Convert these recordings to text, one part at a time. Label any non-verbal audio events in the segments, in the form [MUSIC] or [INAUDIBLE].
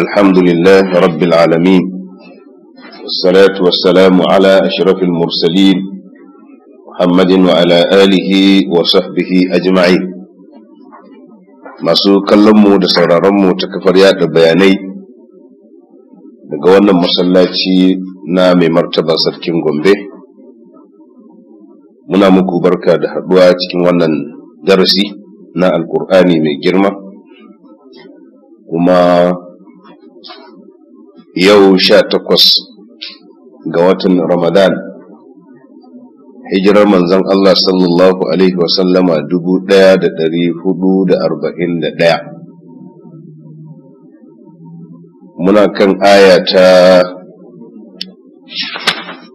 الحمد لله رب العالمين والصلاة والسلام على أشرف المرسلين محمد وعلى آله وصحبه أجمعين masu kallonmu da sauraronmu ta kafar yada bayanai daga wannan masallaci na mai martaba sarkin gombe muna muku barka da haɗuwa cikin wannan darasi na alkur'ani mai girma kuma yau sha takwas ga watan ramadan hijirar manzon Allah sallallahu Alaihi wasallama dubu ɗaya da ɗari hudu da arba'in da ɗaya muna kan ayata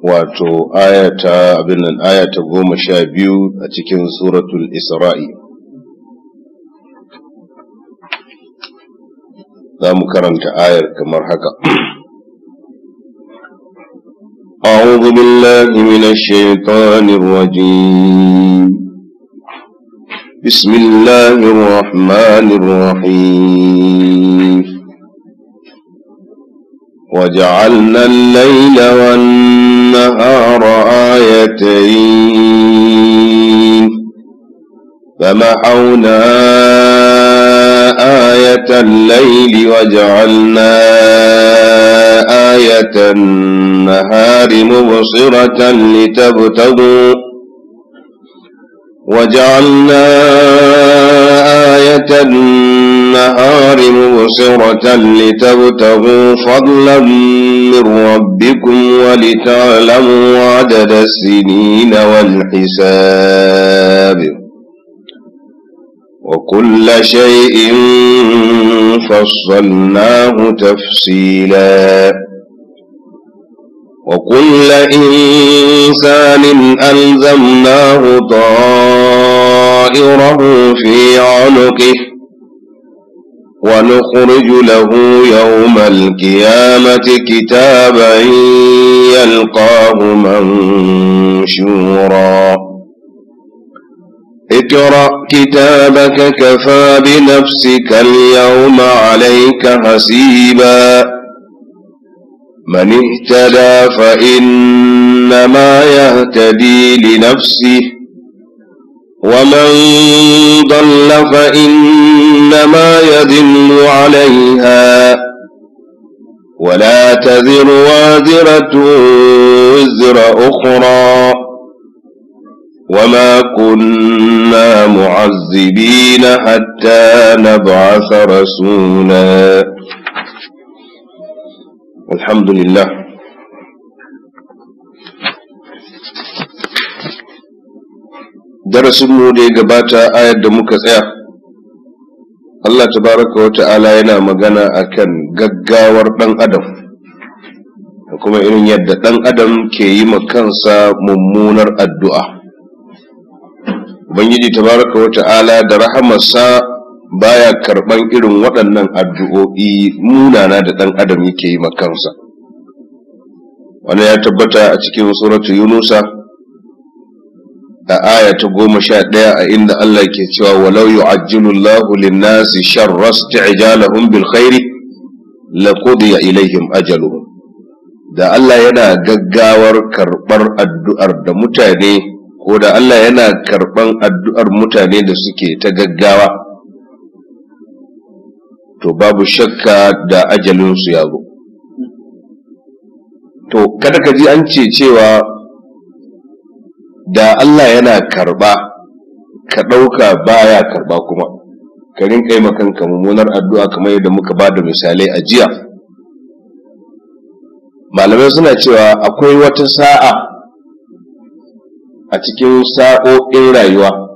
wato ayata abinnan abin goma sha biyu a cikin suratul isra'i za mu karanta ayar kamar haka أعوذ بالله من الشيطان الرجيم بسم الله الرحمن الرحيم وجعلنا الليل والنهار آيتين فمحونا آية الليل وجعلنا آية آية النهار مبصرة لتبتغوا وجعلنا آية النهار مبصرة لتبتغوا فضلا من ربكم ولتعلموا عدد السنين والحساب وكل شيء فصلناه تفصيلا وكل إنسان ألزمناه طائره في عنقه ونخرج له يوم القيامة كتابا يلقاه منشورا اقرأ كتابك كفى بنفسك اليوم عليك حسيبا من اهتدى فإنما يهتدي لنفسه ومن ضل فإنما يذل عليها ولا تذر وازرة وزر أخرى وما كنا معذبين حتى نبعث رسولا الحمد لله darasinmu da ya gabata ayar da muka tsaya Allah tabaraka wa ta'ala yana magana akan gaggawar ɗan adam kuma irin yadda ɗan adam ke yi ma kansa mummunar addu'a Ubangiji tabaraka wa ta'ala da rahamarsa baya karban irin waɗannan addu'o'i munana da ɗan adam yake yi makansa wani ya tabbata a cikin suratu yunusa a aya ta goma sha ɗaya a inda Allah ke cewa walau yu'ajjilu Allahu lin-nasi sharra isti'jalahum bil khairi qudiya ilaihim ajalu. da Allah yana gaggawar karɓar addu'ar da mutane ko da Allah yana karɓan addu'ar mutane da suke ta gaggawa to babu shakka da ajalinsu ya zo to kada ka ji an ce cewa da Allah yana karɓa ka ɗauka baya karba kuma ka rinka yi makanka mummunar addu'a kamar yadda muka ba da misalai a jiya malamai suna cewa akwai wata sa'a a cikin sa'o'in rayuwa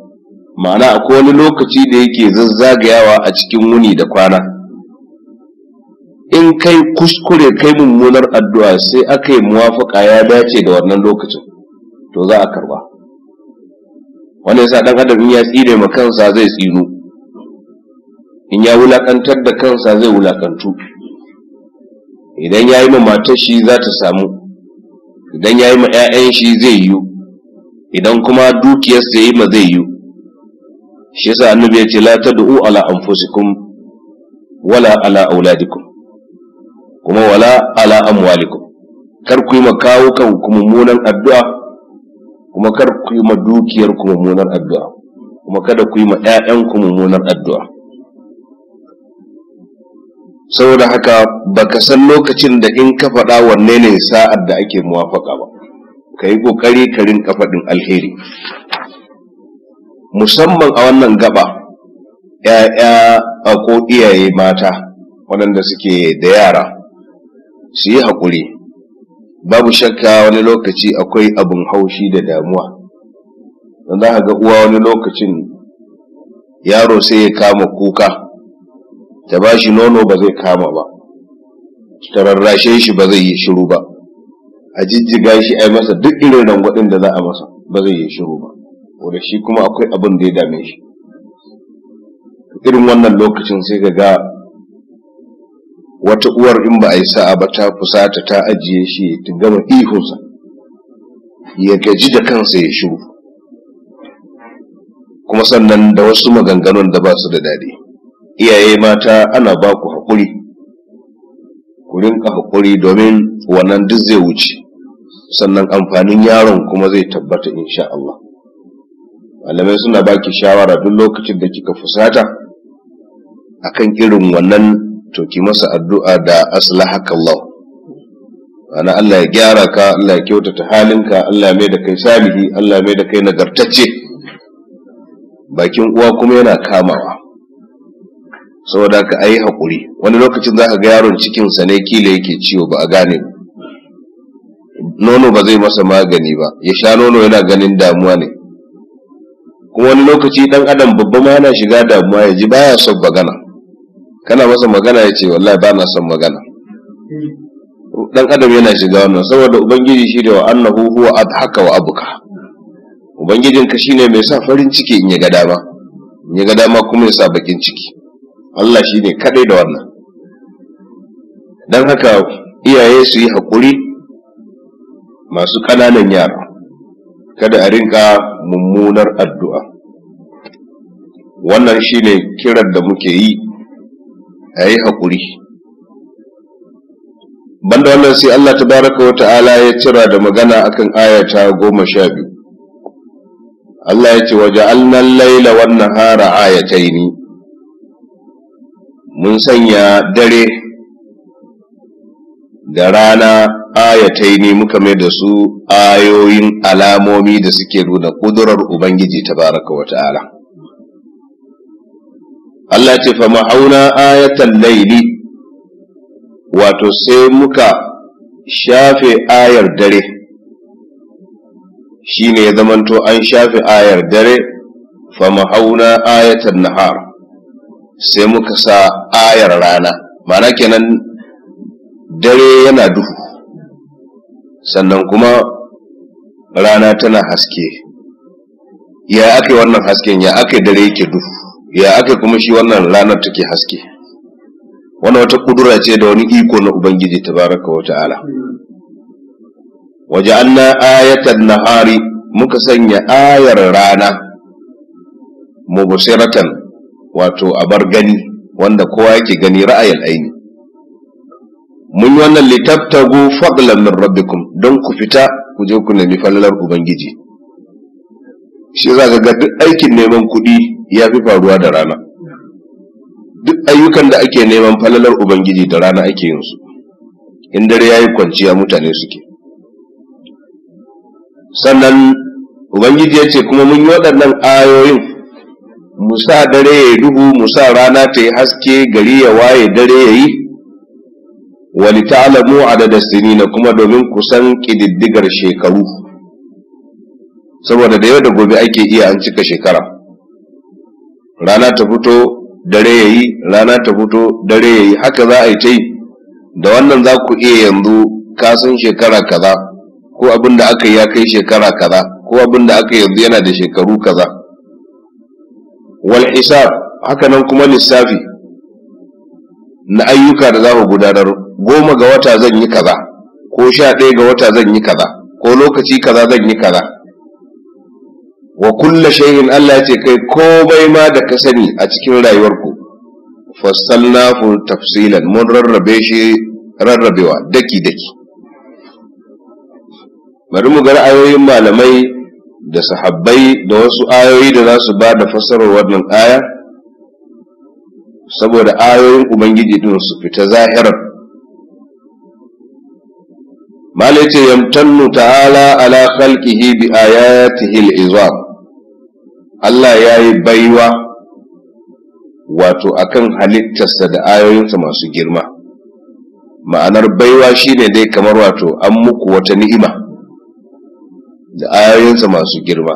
ma'ana akwai wani lokaci da yake zazzagayawa a cikin wuni da kwana in kai kuskure kai mummunar addu'a sai aka yi muwafaka ya dace da wannan lokacin to za a karba wanda yasa dan adam in ya tsire ma kansa zai tsinu in ya wulakantar da kansa zai wulakantu idan ya yi ma matar shi za ta samu idan ya yi ma 'ya'yan shi zai yi idan kuma dukiyarsa ya yi ma zai yiwu shi yasa annabi ya ce la tad'u ala anfusikum wala ala auladikum kuma wala ala amwalikum kar ku yi ma kawo kan ku mummunan addu'a kuma kar ku yi ma dukiyar ku mummunan addu'a kuma kada ku yi ma ƴaƴan ku addu'a saboda haka baka san lokacin da in ka faɗa wanne ne sa'ar da ake muwafaka ba ka yi ƙoƙari ka rinka faɗin alheri musamman a wannan gaba ‘ya'ya a ko iyaye mata waɗanda suke da yara su yi haƙuri babu shakka wani lokaci akwai abin haushi da damuwa don za ga uwa wani lokacin yaro sai ya kama kuka ta ba shi nono ba zai kama ba ta rarrashe shi ba zai yi shiru ba a jijjiga shi a yi masa duk irin rangwaɗin da za a masa ba zai yi shiru ba wanda shi kuma akwai abin da ya dame shi irin wannan lokacin sai ka ga wata uwar in ba a yi sa'a ba ta fusata ta ajiye shi ta gama ihunsa ya gaji da kansa ya shiru kuma sannan da wasu maganganun da ba su da daɗi iyaye mata ana ba ku haƙuri ku rinka haƙuri domin wannan duk zai wuce sannan amfanin yaron kuma zai tabbata insha Allah malamai suna baki shawara duk lokacin da kika fusata akan irin wannan to ki masa addu'a da aslahakallah ana Allah ya gyara ka Allah ya kyautata halinka Allah ya mai da kai salihi Allah ya mai da kai nagartacce bakin uwa kuma yana kamawa saboda ka ayi hakuri wani lokacin za ka ga yaron cikinsa ne kila yake ciwo ba a gane ba nono ba zai masa magani ba ya sha nono yana ganin damuwa ne kuma wani lokaci dan adam babba ma yana shiga damuwa ya ji baya son magana kana masa magana ya ce wallahi ba na son magana dan adam yana shiga wannan saboda ubangiji shi da wa annahu huwa adhaka wa abuka Ubangijin ka shine mai sa farin ciki in ya ga dama in ya ga dama kuma ya sa bakin ciki Allah shine kadai da wannan dan haka iyaye su yi hakuri masu kananan yara kada a rinka mummunar addu'a wannan shine kiran da muke yi a yi haƙuri banda wannan sai Allah ta baraka wa ta'ala ya cira da magana akan ayata goma sha biyu Allah ya ce wa ja'alnan laila wannan hara ayatai ne. mun sanya dare da rana ayatai ne muka mai da su ayoyin alamomi da suke nuna ƙudurar Ubangiji ta baraka wa ta'ala. Allah ce fa hauna ayatan laili wato sai muka shafe ayar dare shi ne ya zamanto an shafe ayar dare fa hauna ayatan nahar sai muka sa ayar rana ma'ana kenan dare yana duhu sannan kuma rana tana haske ya ake wannan hasken ya ake dare yake duhu ya ake kuma shi wannan ranar take haske Wani wata kudura ce da wani iko na ubangiji tabaraka wa ta'ala Waje an waja'alna na nahari muka sanya ayar rana mubusiratan wato abar gani wanda kowa yake gani ra'ayin aini mun yi wannan litabtagu fadlan min rabbikum don ku fita ku je ku nemi falalar ubangiji shi za ka ga duk aikin neman kuɗi ya fi faruwa da rana duk ayyukan da ake neman falalar ubangiji da rana ake yin su in dare yayi kwanciya mutane suke sannan ubangiji ya ce kuma mun yi waɗannan ayoyin musa dare ya duhu musa rana ta yi haske gari ya waye dare ya yi wali ta'lamu adada sinina kuma domin ku san kididdigar shekaru saboda da yau da gobe ake iya an cika shekara rana ta fito dare yayi rana ta fito dare yayi haka za a yi ta da wannan za ku iya yanzu ka san shekara kaza ko abin da aka yi ya kai shekara kaza ko abin da aka yanzu yana da shekaru kaza wal hisab haka nan kuma lissafi na ayyuka da za mu gudanar goma ga wata zan yi kaza ko sha ɗaya ga wata zan yi kaza ko lokaci kaza zan yi kaza wa kulla shay'in Allah ya ce kai komai ma da ka sani a cikin rayuwarku fassalnahu tafsilan mun rarrabe shi rarrabewa daki daki bari mu ga ra'ayoyin malamai da sahabbai da wasu ayoyi da za su ba da fassarar wannan aya saboda ayoyin ubangiji din su fita zahiran, malai ce yamtannu ta'ala ala khalqihi bi ayatihi al Allah ya yi baiwa wato akan halittarsa da ayoyinsa masu girma ma'anar baiwa shine dai kamar wato an muku wata ni'ima da ayoyinsa masu girma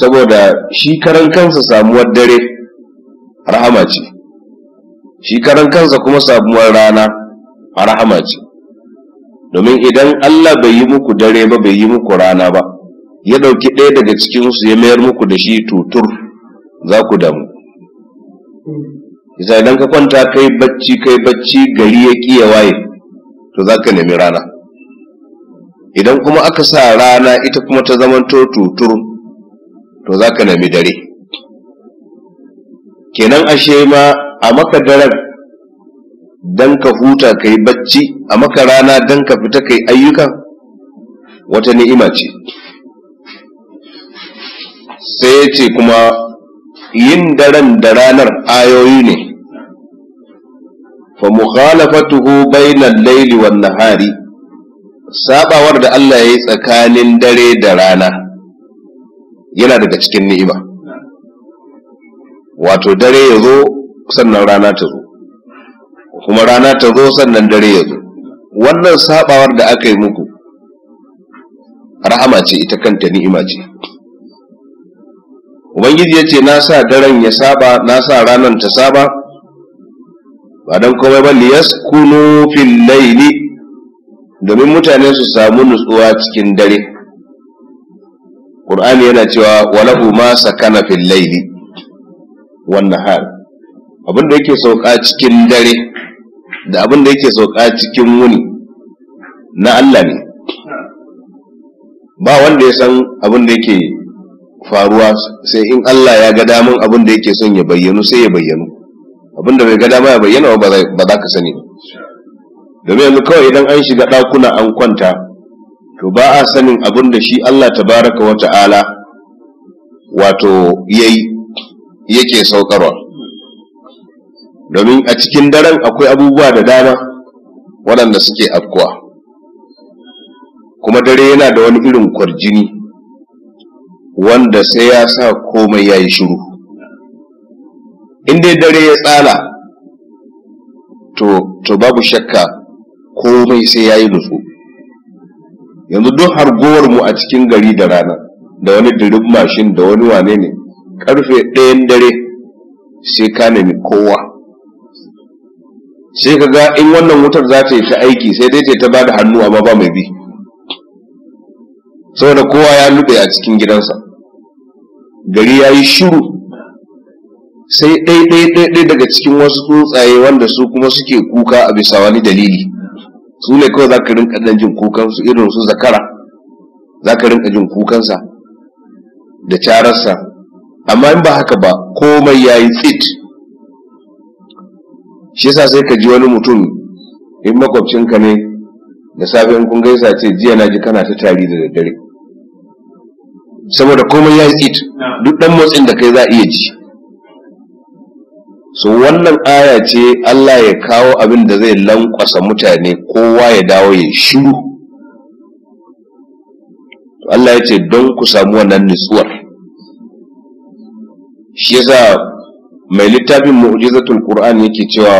saboda shi karan kansa samuwar dare rahama ce shi karan kansa kuma sabuwar rana rahama ce domin idan Allah bai yi muku dare ba bai yi muku rana ba ya ɗauki ɗaya daga cikinsu ya mayar muku da shi tutur za ku damu isa idan ka kwanta kai bacci kai bacci gari ya ƙi ya waye to za ka nemi rana idan kuma aka sa rana ita kuma ta zamanto tutur to za ka nemi dare kenan ashe ma a maka daren dan ka huta ka yi bacci a maka rana dan ka fita ka yi ayyukan wata ni'ima ce sai ya ce kuma yin daren da ranar ayoyi ne fa mukhalafatuhu bainal laili wan nahari sabawar da Allah ya yi tsakanin dare da rana yana daga cikin ni'ima wato dare ya zo sannan rana ta zo kuma rana ta zo sannan dare ya zo wannan sabawar da aka yi muku rahama ce ita kanta ni'ima ce ubangiji ya ce na sa daren ya saba na sa ranar ta saba ba don kome ba liyaskunu fil laili domin mutane su samu nutsuwa cikin dare ƙur'ani yana cewa walahu ma sakana fil laili wannan har abin da yake sauka cikin dare da abin da yake sauka cikin wuni na Allah ne ba wanda ya san abin da yake faruwa sai in Allah ya ga damun abin da yake son ya bayyanu sai ya bayyanu abin da bai ga dama ya bayyana ba za ka sani domin yanzu kawai idan an shiga ɗakuna an kwanta to ba a sanin abin da shi Allah tabaraka wa ta'ala wato yayi yake saukarwa domin a cikin daren akwai abubuwa da dama waɗanda suke afkuwa kuma dare yana da wani irin kwarjini wanda sai ya sa komai ya yi shiru Inda dare ya tsala to, babu shakka komai sai ya yi nutsu yanzu duk hargowar mu a cikin gari da rana da wani dirin mashin da wani wane ne karfe ɗayan dare sai ka nemi kowa sai ka ga in wannan wutar za ta yi ta aiki sai dai ta ba da hannu amma ba mai bi saboda kowa ya lube a cikin gidansa gari ya yi shiru sai ɗaiɗaiɗaiɗai daga cikin wasu tsuntsaye wanda su kuma suke kuka a bisa wani dalili su ne kawai za ka rinka ɗan jin su irin su zakara za ka rinka jin kukansa da cararsa amma in ba haka ba komai ya yi tsit shi yasa sai ka ji wani mutum in makwabcinka ne da safe in kun gaisa ce jiya na ji kana ta tari da daddare saboda komai ya yi tsit duk dan motsin da kai za iya ji so wannan aya ce Allah ya kawo abin da zai lankwasa mutane kowa ya dawo ya shiru Allah ya ce don ku samu wannan nutsuwar shi yasa mai littafin mu'jizatul qur'an yake cewa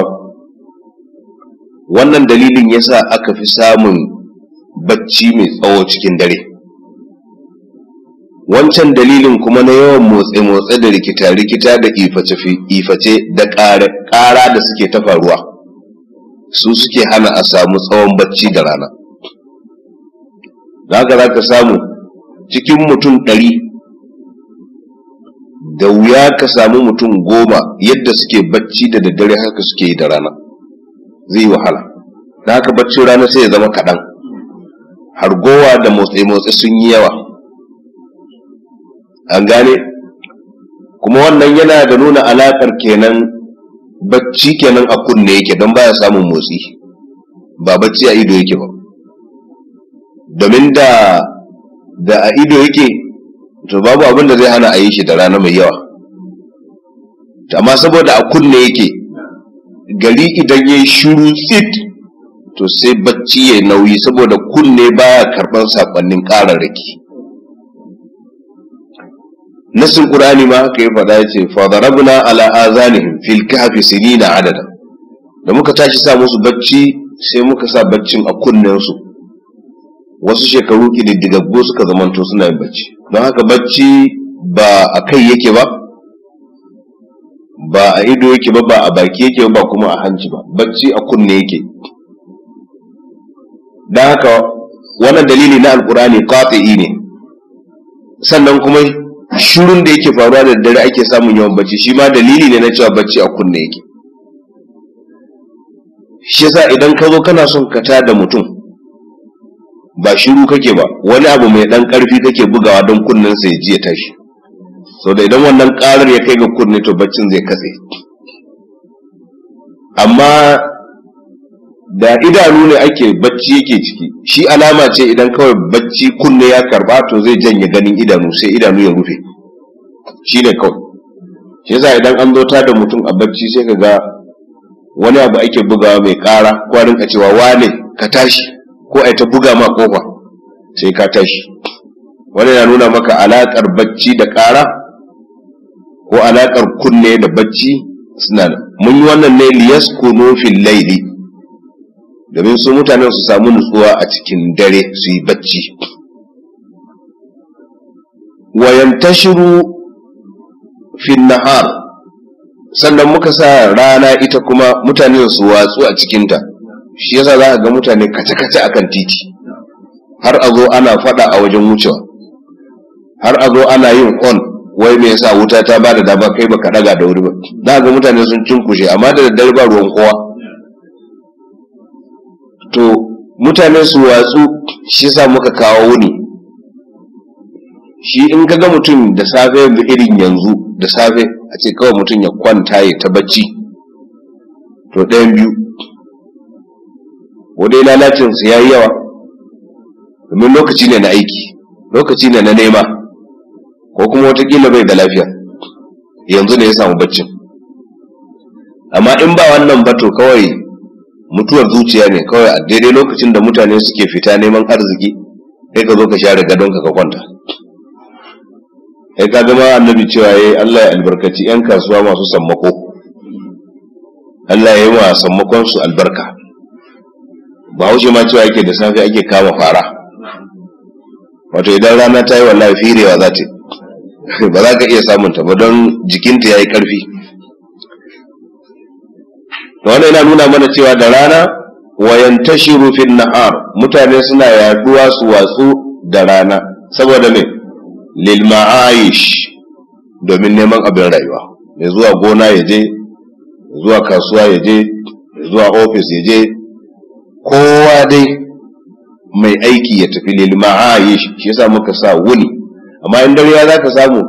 wannan dalilin yasa aka fi samun bacci mai tsawo cikin dare wancan dalilin kuma na yawan motsi-motsi da rikita-rikita da iface da ƙara da suke ta faruwa su suke hana a samu tsawon bacci da rana da haka ka samu cikin mutum ɗari da wuya ka samu mutum goma yadda suke bacci da daddare haka suke yi da rana zai wahala da haka baccin rana sai ya zama kaɗan hargowa da motsi-motsi sun yi yawa an gane kuma wannan yana da nuna alaƙar kenan bacci kenan a kunne yake don baya samun motsi ba bacci a ido yake ba domin da a ido yake to babu abin da zai hana a yi shi da rana mai yawa amma saboda a kunne yake gari idan ya yi shiru tsit to sai bacci ya nauyi saboda kunne baya karɓar saƙonnin ƙararraki nasin ƙur'ani ma haka ya faɗa ya ce fadarabna ala azanihim fil kahfi sinina adada da muka tashi sa musu bacci sai muka sa baccin a kunnen su wasu shekaru ƙididdigaggu suka zamanto suna yin bacci don haka bacci ba a kai yake ba ba a ido yake ba ba a baki yake ba kuma a hanci ba bacci a kunne yake don haka wannan dalili na alkurani qati'i ne sannan kuma shirun da yake faruwa da dare ake samun yawan bacci shi ma dalili ne na cewa bacci a kunne yake shi yasa idan ka zo kana son ka tada mutum ba shiru kake ba wani abu mai dan karfi kake bugawa don kunnen sa ya ji ya tashi so da idan wannan karar ya kai ga kunne to baccin zai katse amma da idanu ne ake bacci yake ciki shi alama ce idan kawai bacci kunne ya karba to zai janye ganin idanu sai idanu ya rufe shi ne kawai shi yasa idan an zo ta da mutum a bacci sai ka ga wani abu ake bugawa mai kara ko ka cewa wane ka tashi ko a ta buga ma kofa sai ka tashi wannan yana nuna maka alaƙar bacci da ƙara ko alaƙar kunne da bacci suna da mun yi wannan ne liyas kuno fil laili domin su mutanen su samu nutsuwa a cikin dare su yi bacci wa yantashiru fil nahar sannan muka sa rana ita kuma mutanen su watsu a cikinta shi yasa za a ga mutane kace-kace a kan titi har a zo ana fada a wajen wucewa har a zo ana yin on wai me yasa wuta ta ba da dama kai baka daga da wuri ba za a ga mutane sun cinkushe amma da daddare ba ruwan kowa to mutane su watsu shi yasa muka kawo wuni shi in ka ga mutum da safe yanzu irin yanzu da safe a ce kawai mutum ya kwanta ya ta bacci to ɗayan biyu Wani lalacin su yayi yawa domin lokaci ne na aiki lokaci ne na nema ko kuma watakila bai da lafiya yanzu ne ya samu baccin amma in ba wannan ba to kawai mutuwar zuciya ne kawai a daidai lokacin da mutane suke fita neman arziki sai ka zo ka share gadon ka ka kwanta sai ka gama annabi cewa yayi eh, Allah ya albarkaci yan kasuwa masu sammako Allah ya yi wa sammakon su albarka ba wuce ma cewa yake da safe ake kama fara wato idan rana ta yi wallahi firewa za ta [LAUGHS] ba za ka iya samun ta ba don jikinta ya yi ƙarfi wannan yana nuna mana cewa da rana wayan tashiru fin nahar mutane suna yaduwa su watsu da rana saboda me lil ma'aish domin neman abin rayuwa mai zuwa gona ya je zuwa kasuwa ya je zuwa ofis ya je kowa dai mai aiki ya tafi lil ma'ayish shi yasa muka sa wuni amma in dare ya zaka samu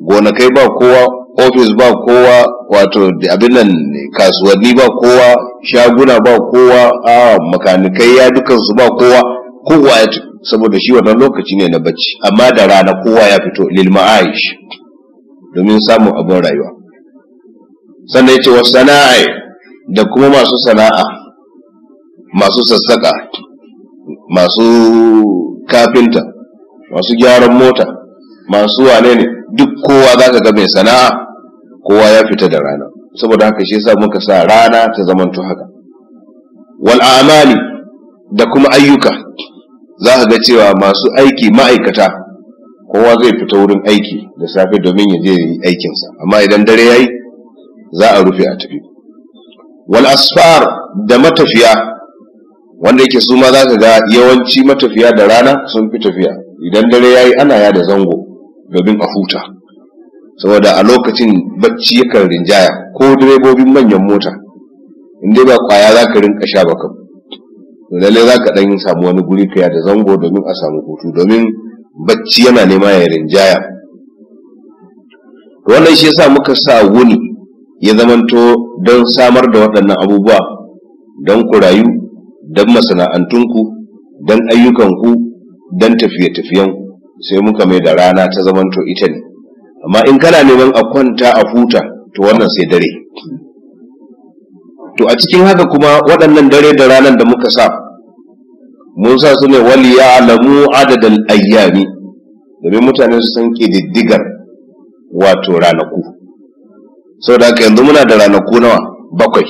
gonakai ba kowa ofis ba kowa wato abin nan kasuwanni ba kowa shaguna ba kowa a makanikai ya dukansu ba kowa kowa ya saboda shi wannan lokaci ne na bacci amma da rana kowa ya fito lil ma'ayish domin samun abin rayuwa sannan ya ce wasu sana'a da kuma masu sana'a masu sassaƙa masu kafinta masu gyaran mota masu wane ne duk kowa za ka ga mai sana'a kowa ya fita da rana saboda haka shi yasa muka sa rana ta zamanto haka wal amali da kuma ayyuka za ka ga cewa masu aiki ma'aikata kowa zai fita wurin aiki da safe domin ya je yi aikinsa amma idan dare ya yi, za a rufe a tafi wal asfar da matafiya wanda yake su ma za ka ga yawanci matafiya da rana sun fi tafiya idan dare ya yi ana ya da zango domin a huta saboda a lokacin bacci yakan rinjaya ko direbobin manyan mota inda dai ba kwaya za ka rinka sha baka lalle za ka ɗan samu wani guri kaya da zango domin a samu hutu domin bacci yana nema ya rinjaya wannan shi yasa muka sa wuni ya zamanto don samar da waɗannan abubuwa don ku rayu don masana'antunku don ayyukanku don tafiye-tafiyenku sai muka mai da rana ta zamanto ita ne amma in kana neman a kwanta a huta to wannan sai dare to a cikin haka kuma waɗannan dare da ranar da muka sa mun sa su ne wali ya alamu adadin ayyami domin mutane su san diddigar wato ranaku sau haka yanzu muna da ranaku nawa bakwai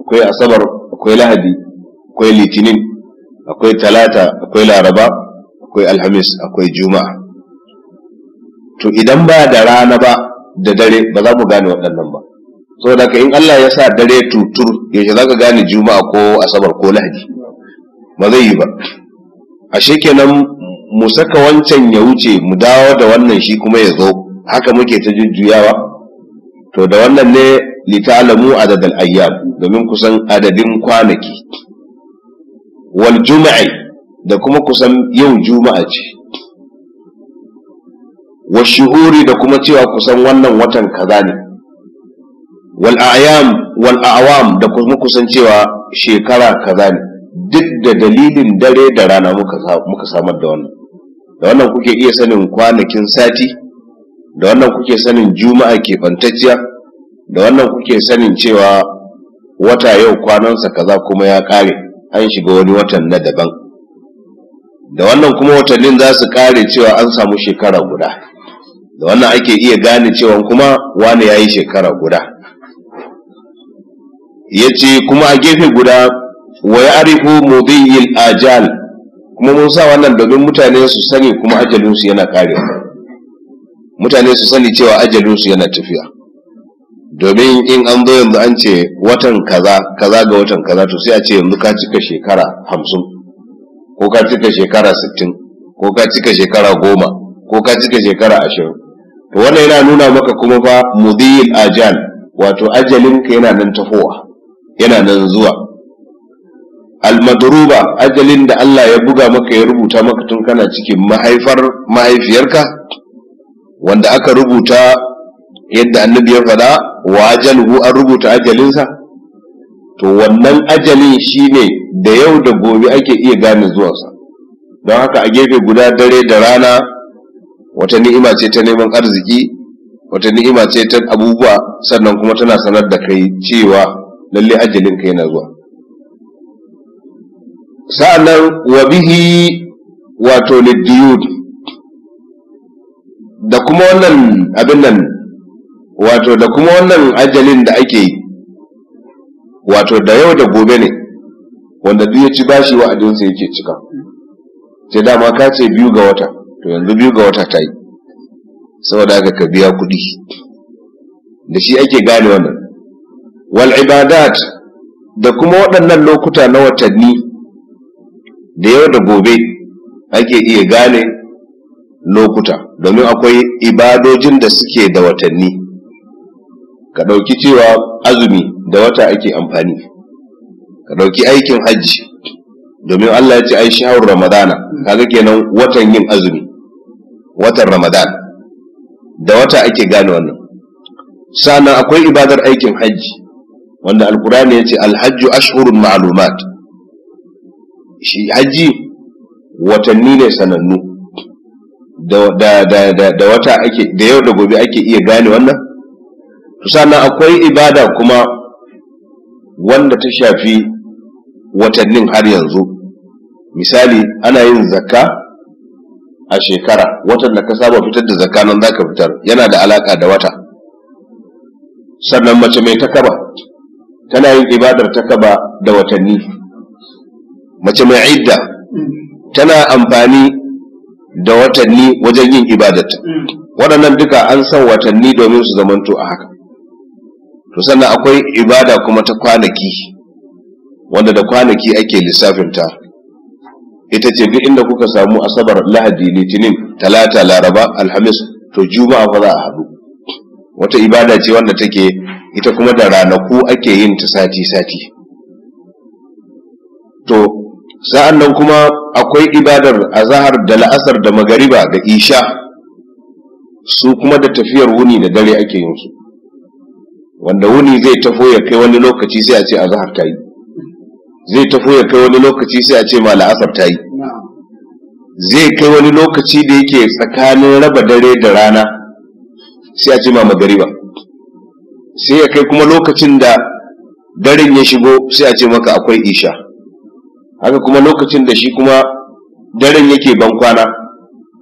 akwai asabar akwai lahadi akwai litinin akwai talata akwai laraba akwai alhamis akwai juma'a to idan ba da rana ba da dare ba za mu gane waɗannan ba saboda ka in Allah ya sa dare tutur yaushe za ka gane juma'a ko asabar ko lahadi ba zai yi ba ashe kenan mu saka wancan ya wuce mu dawo da wannan shi kuma ya zo haka muke ta jujjuyawa to da wannan ne lita'alamu adadal ayyam domin kusan adadin kwanaki wal juma'i da kuma kusan yau juma'a ce wa shuhuri da kuma cewa kusan wannan watan kaza ne wal ayyam wal a'wam da kuma kusan cewa shekara kaza ne duk da dalilin dare da rana muka samar da wannan da wannan kuke iya sanin kwanakin sati da wannan kuke sanin juma'a ke fantacciya da wannan kuke sanin cewa wata yau kwanansa kaza kuma ya ƙare an shiga wani watan na daban da wannan kuma watannin za su kare cewa an samu shekara guda da wannan ake iya gane cewa kuma wani ya yi shekara guda ya ce kuma a gefe guda wa ya arifu mudiyil ajal kuma mun sa wannan domin mutane su sani kuma ajalinsu yana karewa mutane su sani cewa ajalinsu yana tafiya domin in an zo yanzu an ce watan kaza kaza ga watan kaza to sai a ce yanzu ka cika shekara hamsin ko ka cika shekara sittin ko ka cika shekara goma ko ka cika shekara ashirin to wannan yana nuna maka kuma fa mudhil ajal wato ajalin ka yana nan tafowa yana nan zuwa almadruba ajalin da Allah ya buga maka ya rubuta maka tun kana cikin mahaifar mahaifiyarka wanda aka rubuta yadda annabi ya faɗa wa an rubuta ajalinsa to wannan ajalin shine da yau da gobe ake iya gane zuwansa don haka a gefe guda dare da rana wata ni'ima ce ta neman arziki wata ni'ima ce ta abubuwa sannan kuma tana sanar da kai cewa lalle ajalin ka yana zuwa sa'annan wa bihi wato lidiyud da kuma wannan abin nan wato da kuma wannan ajalin da ake yi wato da yau da gobe ne wanda duk ya ci bashi wa'adinsa yake cika sai dama ka ce biyu ga wata to yanzu biyu ga wata ta yi saboda haka ka biya kuɗi da shi ake gane wannan wal ibadat da kuma waɗannan lokuta na watanni da yau da gobe ake iya gane lokuta domin akwai ibadojin da suke da watanni ka ɗauki cewa azumi da wata ake amfani ka ɗauki aikin hajji domin Allah ya ce ai shahar ramadana kaga kenan watan yin azumi watan ramadan da wata ake gane wannan sannan akwai ibadar aikin hajji wanda alkurani ya ce alhajju ashhurun ma'lumat shi hajji watanni ne sanannu da, da, da, da, da wata ake da yau da gobe ake iya gane wannan sannan akwai ibada kuma wanda ta shafi watannin har yanzu misali ana yin zakka a shekara watan da ka saba fitar da zakka nan zaka fitar yana da alaka da wata sannan mace mai takaba tana yin ibadar takaba da watanni mace mai idda tana amfani da watanni wajen yin ibadarta mm. waɗannan duka an san watanni domin su zamanto a haka to sannan akwai ibada kuma ta kwanaki wanda da kwanaki ake lissafinta ita ce duk inda kuka samu asabar lahadi litinin talata laraba alhamis to juma'a ba za a haɗu wata ibada ce wanda take ita kuma da ranaku ake yin ta sati-sati to sa'an nan kuma akwai ibadar azahar da la'asar da magariba da isha su kuma da tafiyar wuni da dare ake yin su wanda wuni zai tafo ya kai wani lokaci sai a ce a zahar ta yi zai tafo ya kai wani lokaci sai a ce ma la'asar ta yi zai kai wani lokaci da yake tsakanin raba dare da rana sai a ce ma magariba sai ya kai kuma lokacin da daren ya shigo sai a ce maka akwai isha haka kuma lokacin da shi kuma daren yake bankwana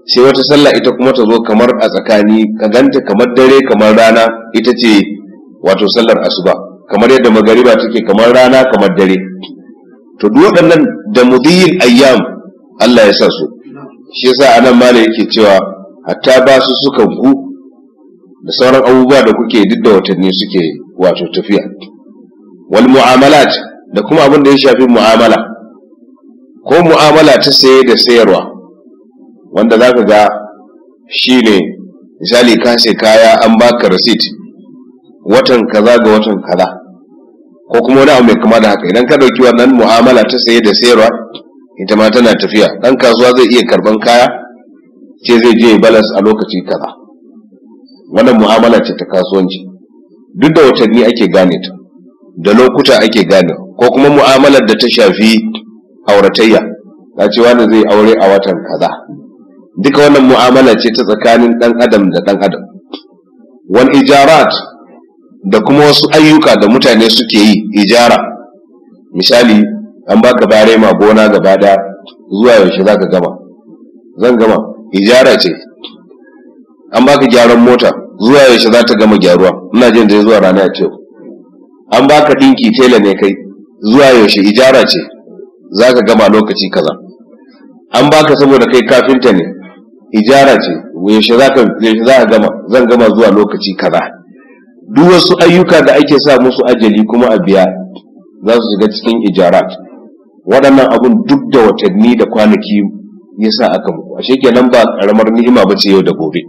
sai wata sallah ita kuma ta zo kamar a tsakani ka ganta kamar dare kamar rana ita ce wato sallar asuba kamar yadda magariba take kamar rana kamar dare to duk waɗannan da mudiyin ayyam Allah ya sa su shi yasa anan mala yake cewa hatta ba su suka ku da sauran abubuwa da kuke duk da watanni suke wato tafiya wal mu'amalat da kuma abin da ya shafi mu'amala ko mu'amala ta saye da sayarwa wanda zaka ga shine misali ka sai kaya an baka receipt watan kaza ga watan kaza ko kuma wani abu mai kama da haka idan ka ɗauki wannan mu'amala ta saye da sayarwa ita ma tana tafiya ɗan kasuwa zai iya karban kaya ce zai je balas a lokaci kaza wannan mu'amala ce ta kasuwanci duk da watanni ake gane ta da lokuta ake gane ko kuma mu'amalar da ta shafi auratayya ta ce wani zai aure a watan kaza duka wannan mu'amala ce ta tsakanin dan adam da dan adam wal ijarat da kuma wasu ayyuka da mutane suke yi ijara misali an baka ma gona gaba da zuwa yaushe za ka gama zan gama ijara ce an baka gyaran mota zuwa yaushe za ta gama gyaruwa ina jin da zuwa rana ce an baka dinki tela ne kai zuwa yaushe ijara ce za ka gama lokaci kaza an baka saboda kai kafinta ne ijara ce yaushe za ka gama zan gama zuwa lokaci kaza duk wasu ayyuka da ake sa musu ajali kuma a biya za su shiga cikin ijarat waɗannan abun duk da watanni da kwanaki ya sa aka muku ashe kenan ba ƙaramar ni'ima ba ce yau da gobe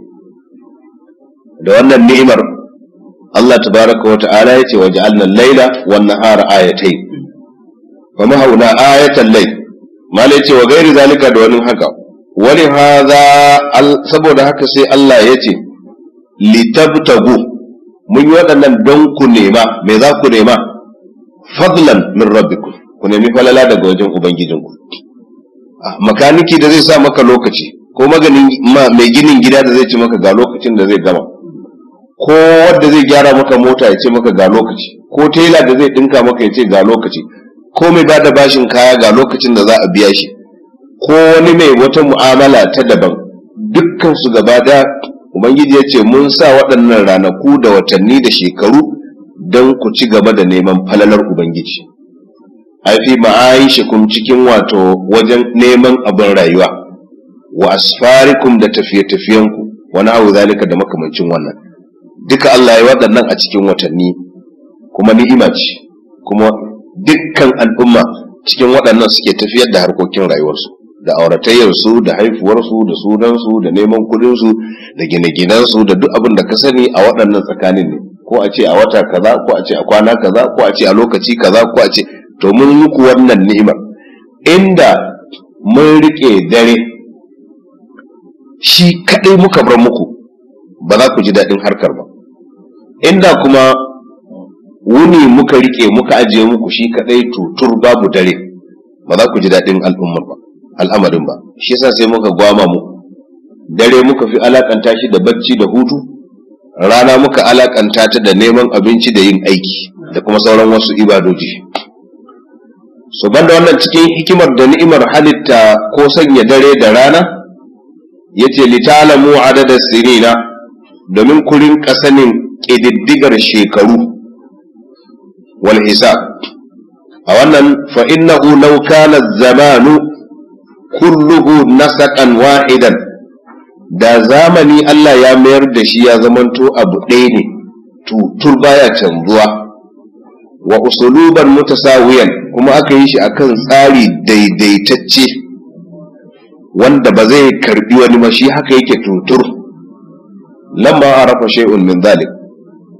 da wannan ni'imar Allah tabaraka wa ta'ala ya ce waje alnan laila wan nahara ayatai fa mahauna ayatan lai malai ce wa gairi zalika da wani haka wani haza saboda haka sai Allah ya ce litabtagu mun yi waɗannan don ku nema me za ku nema fadlan min rabbiku ku nemi falala daga wajen ubangijinku ah, makaniki da zai sa maka lokaci ko maganin mai ginin gida da zai ci maka ga lokacin da zai gama ko wanda zai gyara maka mota ya ce maka ga lokaci ko tela da zai dinka maka ya ce ga lokaci ko mai bada bashin kaya ga lokacin da za a biya shi ko wani mai wata mu'amala ta daban dukkan su gaba da ubangiji ya ce mun sa waɗannan ranaku da watanni da shekaru don ku ci gaba da neman falalar ubangiji haifi ma'aishikum cikin wato wajen neman abin rayuwa wa asfarikum da tafiye-tafiyenku wani abu zalika da makamancin wannan duka Allah ya waɗannan a cikin watanni kuma ni'ima ce kuma dukkan al'umma cikin waɗannan suke tafiyar da harkokin rayuwarsu da auratayyarsu da haifuwarsu da sunansu da neman kudinsu da gine-ginensu da duk abin da ka sani a waɗannan tsakanin ne ko a ce a wata kaza ko a ce a kwana kaza ko a ce a lokaci kaza ko a ce to mun muku wannan ni'imar inda mun riƙe dare shi kaɗai muka bar muku ba za ku ji daɗin harkar ba inda kuma wuni muka riƙe muka ajiye muku shi kaɗai tutur babu dare ba za ku ji daɗin al'ummar ba al'amarin ba shi yasa sai muka gwama mu dare muka fi alakanta shi da bacci da hutu rana muka alakanta ta da neman abinci da yin aiki da kuma sauran wasu ibadoji so banda wannan cikin hikimar da ni'imar halitta ko sanya dare da rana yace mu adada sirina domin kurin kasanin ƙididdigar shekaru wal hisab a wannan fa innahu law kana zamanu kulluhu نسقا واحدا da zamani Allah ya mayar da shi ya zamanto abu ɗaya ne tutur baya canzuwa wa usuluban mutasawiyan kuma aka yi shi akan tsari daidaitacce wanda ba zai karbi wani ba shi haka yake tutur lamma arafa shay'un min zalik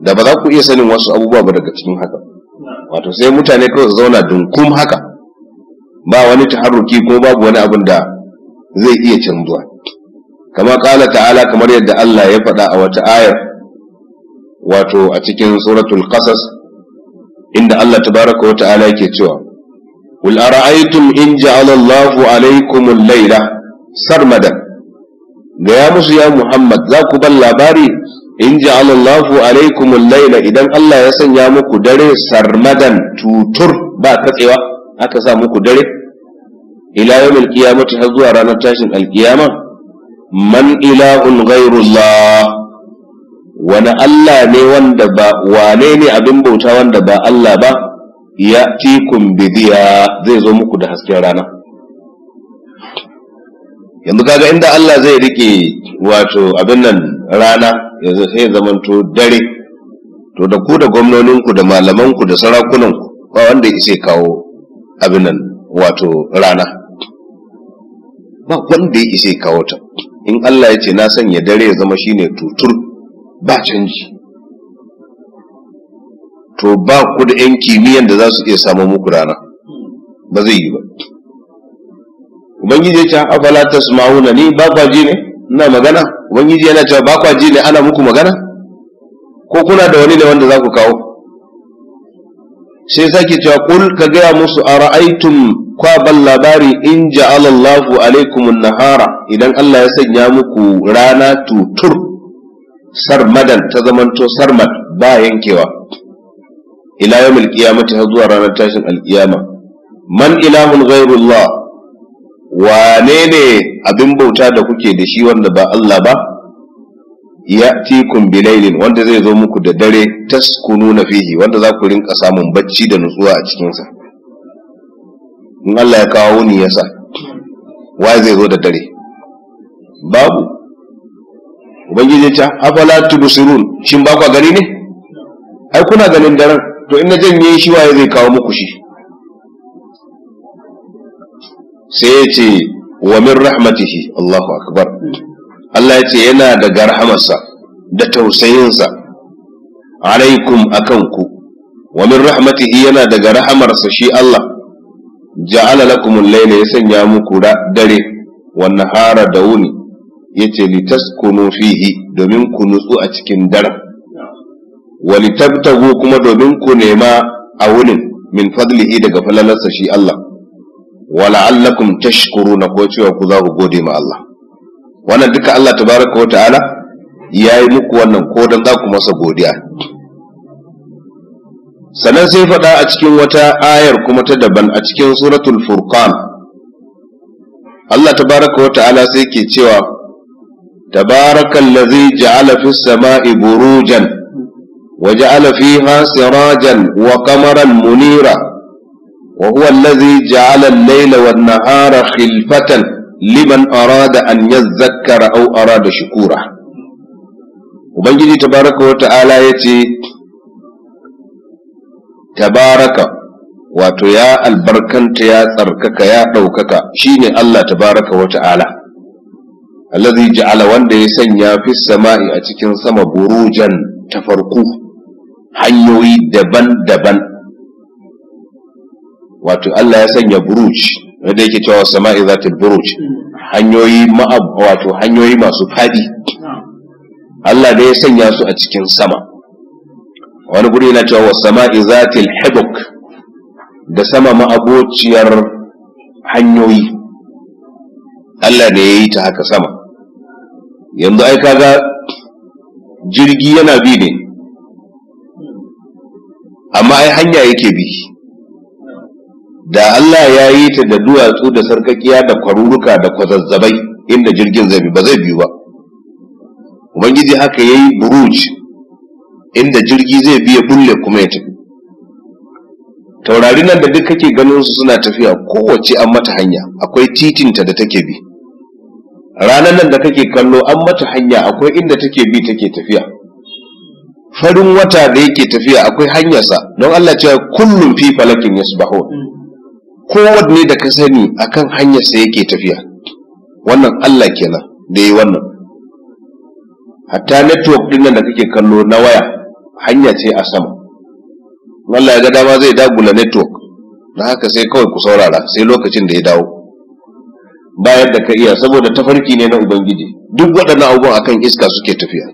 da ba za ku iya sanin wasu abubuwa ba daga cikin haka wato sai mutane kawai su zauna dunkum haka ba wani taharruki ko babu wani abin da zai iya canzuwa kama kala ta'ala kamar yadda Allah ya faɗa a wata ayar wato a cikin suratul qasas inda Allah tabaraka wa ta'ala yake cewa qul ara'aytum in ja'ala Allahu alaykum al-layla sarmada gaya musu ya Muhammad za ku ban labari in ja'ala Allahu alaykum al-layla idan Allah ya sanya muku dare sarmadan tutur ba katsewa aka sa muku dare ila yawmil ta har zuwa ranar tashin alkiyama man ilahun ghairullah wani Allah ne wanda ba wane ne abin bauta wanda ba Allah ba ya tikun bidiya zai zo muku da hasken rana yanzu kaga inda Allah zai rike wato abin nan rana yanzu sai zamanto dare to da ku da gwamnoninku da malamanku da sarakunanku ba wanda ya isa kawo abin nan wato rana ba wanda ya ishe kawo ta in Allah ya ce na sanya dare ya zama shine tutur ba canji to ba ku da 'yan kimiyyar da za su iya samu muku rana ba zai yi ba ubangiji ya ce afala tasma'una ni ba kwaji ne ina magana ubangiji yana cewa ba kwaji ne ana muku magana ko kuna da wani ne wanda za ku kawo sai sake cewa kul ka gaya musu a ra'aitun kwaban labari in ja'ala Allahu alaikum nahara idan Allah ya sanya muku rana tutur sarmadan ta zamanto sarmad ba yankewa ila yawmil qiyamati har zuwa ranar tashin alkiyama man ilahun ghairullah wane ne abin bauta da kuke da shi wanda ba Allah ba ya'tikum bilailin wanda zai zo muku da dare taskununa fihi wanda za ku rinka samun bacci da nutsuwa a cikin sa in Allah ya kawo ni yasa wa zai zo da dare babu ubangiji ta afala tubsirun shin ba kwa gari ne ai kuna ganin daren to in na janye shi waye zai kawo muku shi sai ya ce wa min rahmatihi Allahu akbar Allah ya ce yana da garhamarsa da tausayinsa alaikum akan ku wa min rahmatihi yana daga rahamarsa shi Allah ja'ala lakum al-layla ya sanya muku dare wa nahara da wuni yace litaskunu fihi domin ku nutsu a cikin dare. wa litabtagu kuma domin ku nema a wunin min fadlihi daga falalarsa shi Allah wa la'allakum tashkuruna ko cewa ku za ku gode ma Allah wannan duka Allah tabaraka wa ta'ala ya yi muku wannan ko dan za ku masa godiya sanan sai fada a cikin wata ayar kuma ta daban a cikin suratul furqan Allah tabaraka wa ta'ala sai ke cewa tabarakallazi ja'ala fis sama'i burujan wa ja'ala fiha sirajan wa qamaran munira wa huwa allazi ja'ala al-layla wan-nahara khilfatan liman arada an yazakkara au arada shukura ubangiji tabaraka wa ta'ala ya ce tabaraka wato ya albarkanta ya tsarkaka ya ɗaukaka shine Allah tabaraka wa ta'ala allazi ja'ala wanda ya sanya fi sama'i a cikin sama burujan ta farko hanyoyi daban-daban wato Allah ya sanya buruj wanda yake cewa sama'i zatul buruj hanyoyi wato hanyoyi masu fadi Allah da ya sanya su a cikin sama wani guri yana cewa sama'i izatil hibuk da sama ma'abociyar hanyoyi Allah da ya yi ta haka sama yanzu ai kaga jirgi yana bi ne amma ai hanya yake bi da Allah ya yi ta da duwatsu da sarkakiya da kwaruruka da kwazazzabai inda jirgin zai bi ba zai biyu ba ubangiji haka ya yi buruj inda jirgi zai biya bulle kuma ya tafi taurari nan da duk kake ganin su suna tafiya kowace an mata hanya akwai titinta da take bi ranar nan da kake kallo an mata hanya akwai inda take bi take tafiya farin wata da yake tafiya akwai hanyarsa don Allah cewa kullum fi falakin yasbahu kowanne da ka sani akan sa yake tafiya wannan Allah kenan da yi wannan hatta network din da kake kallo na waya hanya ce a sama wallahi ga dama zai dagula network da haka sai kawai ku saurara sai lokacin da ya dawo bayar da ka iya saboda tafarki ne na ubangiji duk waɗannan abubuwan akan iska suke tafiya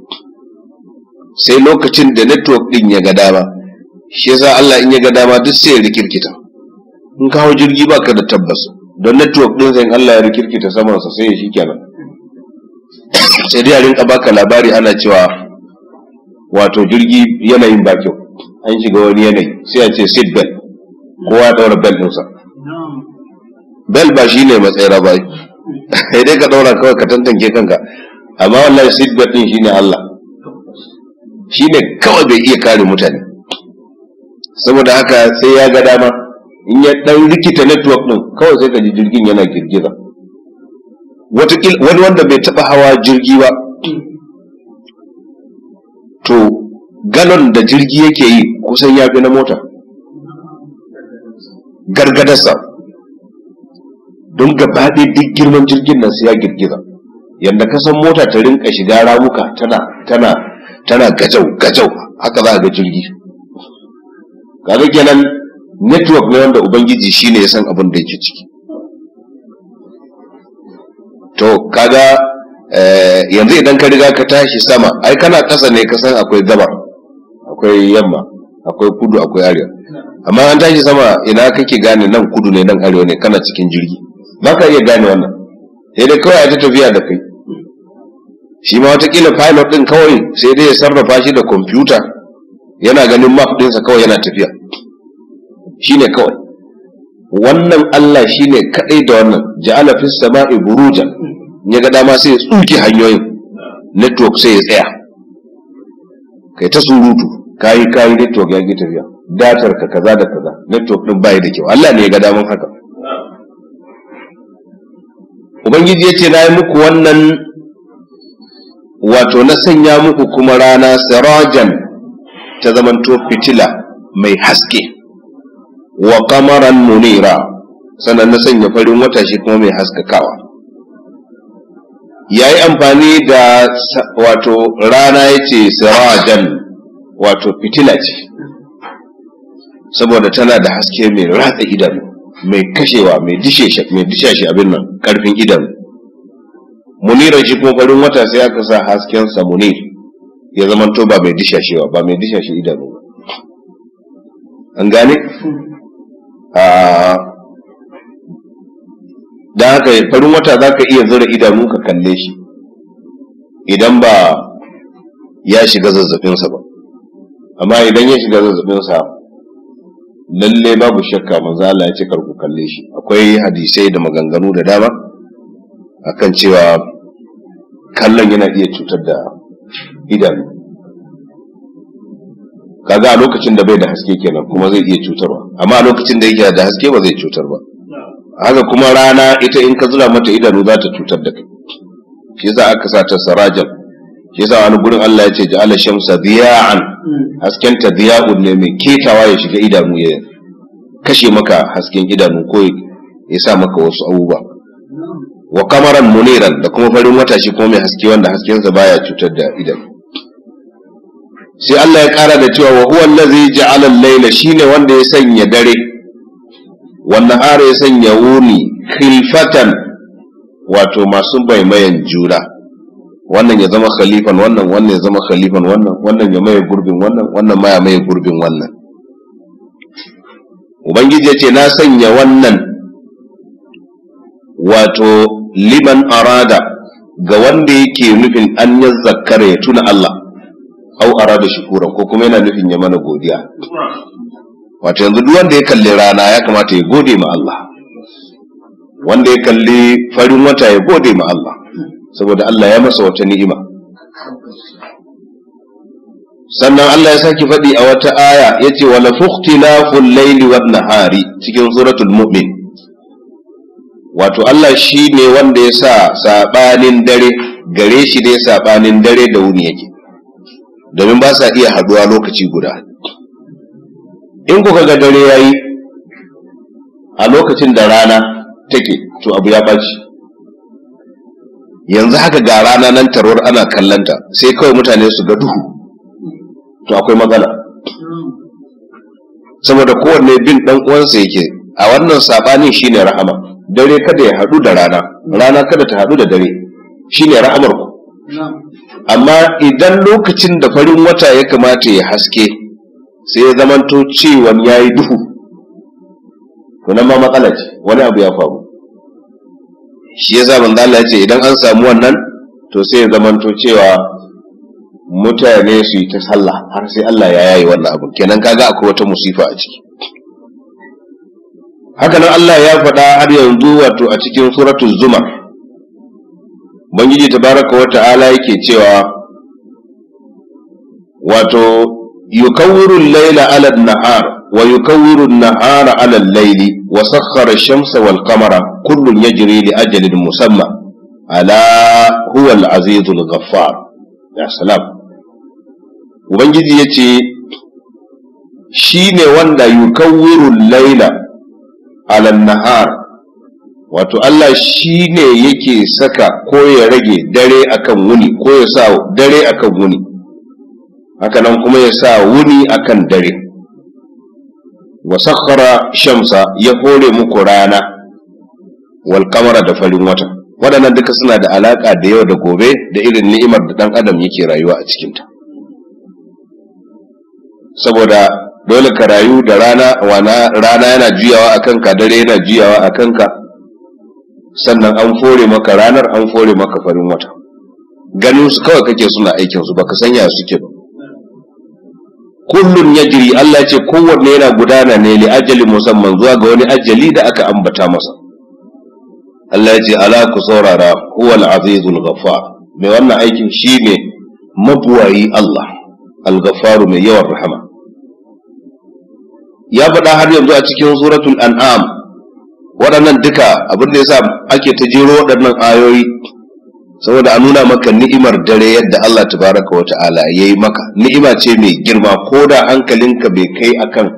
sai lokacin da network din ya ga dama shi yasa Allah in ya ga dama duk sai ya rikirkita in ka hau jirgi ba ka da tabbas don network din zai Allah ya rikirkita sa sai ya shi kenan sai dai a rinka baka labari ana cewa wato jirgi yanayin ba kyau an shiga wani yanayi sai a ce seat bell kowa ya ɗaura bell ɗinsa bell ba shi ne matsayar ba sai dai ka ɗaura kawai ka tantance kanka amma wallahi seat bell ɗin shine Allah shine kawai bai iya kare mutane saboda haka sai ya ga dama in ya dan rikita network din kawai sai ka ji jirgin yana girgiza wani wanda bai taba hawa jirgi ba to galon da jirgi yake yi kusan ya bi na mota gargadarsa don gabaɗe duk girman jirgin nan sai ya girgiza yadda san mota ta rinka shiga ramuka tana tana tana gajau gajau haka za ga jirgi kaga kenan network ne wanda ubangiji shine ya san abin da yake ciki to kaga eh, yanzu idan ka riga ka tashi sama ai kana kasa ne ka san akwai gabar akwai yamma akwai kudu akwai arewa amma an tashi sama ina kake gane nan kudu ne nan arewa ne kana cikin jirgi ba ka iya gane wannan sai dai kawai ta tafiya da kai shi ma watakila pilot din kawai sai dai ya sarrafa shi da kwamfuta yana ganin map ɗinsa kawai yana tafiya shine kawai wannan Allah shine kadai da wannan ja'ala fis sama'i burujan ya ga dama sai ya tsuke hanyoyin network sai ya tsaya kai ta surutu kai kai network ya ki tafiya datar ka kaza da kaza network din bai da kyau Allah ne ya ga daman haka ubangiji yace na yi muku wannan wato na sanya muku kuma rana sirajan ta zamanto fitila mai haske wa kamaran munira sannan na sanya farin wata shi kuma mai haskakawa ya yi amfani da wato rana ce sirajan wato fitila ce saboda tana da haske mai ratsa idanu mai kashewa mai dishe mai dishe abin nan karfin idanu Munira shi kuma farin wata sai aka sa hasken sa munir ya to ba mai dishashewa ba mai dishe idanu ba an gane da haka farin wata za ka iya zura idanu ka kalle shi idan ba ya shiga zazzafinsa ba amma idan ya shiga zazzafinsa lalle babu shakka manzo ya ce karku kalle shi akwai hadisai da maganganu da dama akan cewa kallon yana iya cutar da idanu kaga a lokacin da bai da haske kenan kuma zai iya cutarwa amma a lokacin da yake da haske ba zai cutar ba haka kuma rana ita in ka zura mata idanu za ta cutar da kai shi yasa aka sa ta sarajal shi yasa wani gurin Allah ya ce ja'ala shamsa diya'an hasken ta diya'un ne mai ketawa ya shiga idanu ya kashe maka hasken idanu ko ya sa maka wasu abubuwa wa kamaran muniran da kuma farin matashi kuma mai haske wanda haskensa baya cutar da idanu sai Allah ya ƙara da cewa wa huwa allazi ja'ala al-layla shine wanda ya sanya dare wannan har ya sanya wuni khilfatan wato masu bai baimayan juna wannan ya zama khalifan wannan wannan ya zama khalifan wannan wannan ya maye gurbin wannan wannan ma ya maye gurbin wannan ubangiji ya ce na sanya wannan wato liman arada ga wanda yake nufin an ya zakkara ya tuna Allah au arada shukura ko kuma yana nufin ya mana godiya wato yanzu duk wanda ya kalli rana ya kamata ya gode ma Allah wanda ya kalli farin wata ya gode ma Allah saboda Allah ya masa wata ni'ima sannan Allah ya saki faɗi a wata aya yace wala fukhtilaful layli wan nahari cikin suratul mu'min wato Allah shi ne wanda ya sa sabanin dare gare shi dai sabanin dare da wuni yake domin ba sa iya haduwa lokaci guda in kuka ga dare yayi a lokacin da rana take to abu ya baci yanzu haka ga rana nan tarwar ana kallanta sai kawai mutane su ga duhu to akwai magana. saboda kowanne bin dan uwansa yake a wannan sabani shine rahama dare kada ya haɗu da rana rana kada ta haɗu da dare shine rahamar ku amma idan lokacin da farin wata ya kamata ya haske sai ya zamanto cewan ya yi duhu nan ma matsala ce wani abu ya faru shi ya zaɓin Allah ce idan an samu wannan to sai ya zamanto cewa mutane su yi ta sallah har sai Allah ya yayi wannan abu kenan kaga akwai wata musifa a ciki haka nan Allah ya faɗa har yanzu wato a cikin suratul zumar ubangiji tabaraka wa ta'ala yake cewa wato yukawwiru al-laila 'ala an-nahar wa yukawwiru an-nahara 'ala al-laili wa sakhkhara ash-shamsa wal-qamara kullun yajri li ajalin musamma ala huwa al-'azizul ghaffar ya salam ubangiji yace shine wanda yukawwiru al-laila 'ala an-nahar wato Allah shi ne yake saka ko ya rage dare akan wuni ko ya sa dare akan wuni hakanan kuma ya sa wuni akan dare wa sakhara shamsa ya kore muku rana wal kamara da farin wata waɗannan duka suna da alaka da yau da gobe da irin ni'imar da ɗan adam yake rayuwa a cikinta saboda dole ka rayu da rana wana rana yana juyawa akan ka dare yana juyawa akan ka sannan an fore maka ranar an fore maka farin wata ganin su kawai kake suna aikin su baka sanya suke ba Kullum ya jiri Allah ce kowanne yana gudana ne li ajali musamman zuwa ga wani ajali da aka ambata masa Allah ya ce ala ku saurara huwal azizul ghaffar mai wannan aikin shine mabuwayi Allah al ghaffar mai yawan rahama ya faɗa har yanzu a cikin suratul an'am waɗannan duka abin da yasa ake ta jero waɗannan ayoyi saboda a nuna maka ni'imar dare yadda Allah baraka wa ta'ala ya yi maka ni'ima ce mai girma ko da hankalinka bai kai akan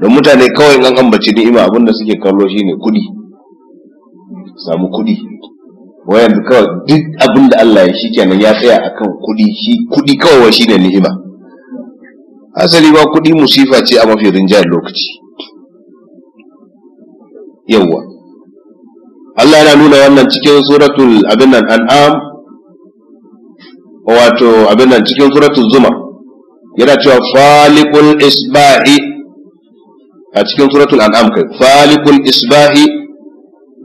don mutane kawai an ambaci ni'ima abin da suke kallo ne kuɗi samu kuɗi wayan kawai duk abin Allah ya kenan ya tsaya akan kuɗi shi kuɗi kawai ne ni'ima asali ba kuɗi musifa ce a mafi rinjayar lokaci yawwa Allah yana nuna wannan cikin suratul abin nan an'am wato abin nan cikin suratul zuma yana cewa falikul isba'i a cikin suratul an'am kai falikul isba'i